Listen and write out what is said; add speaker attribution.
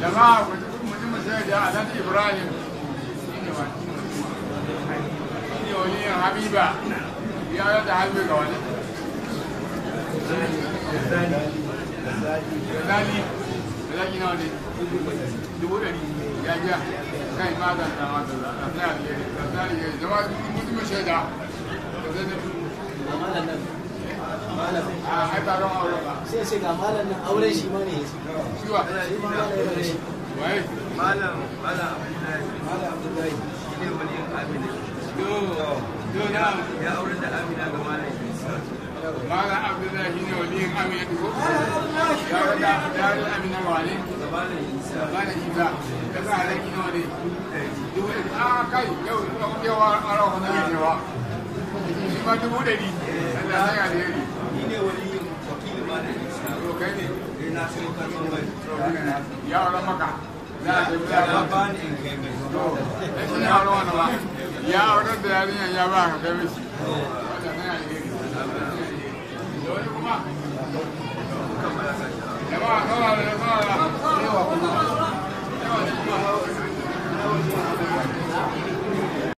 Speaker 1: jama'a ku ji da alhaji ibrahim shine waliyin habiba ya yi da habiba ga wani zali zali na wani dubu ɗari ya ja kai ma da zama da zali ya yi zama mutum shaida sai sai ga malam nan auren shi ma ne ya ce malam malam abdullahi malam abdullahi shi ne wani amina ya aure da amina ga malam malam abdullahi shi ne wani amina ko ya aure da amina ga wani gabanin isa da sa alaƙi nawa ne dubu da a kai yau yawa arawa na yau, yau ma dubu da ni Allah ya alheri ya aure maka za wani da wani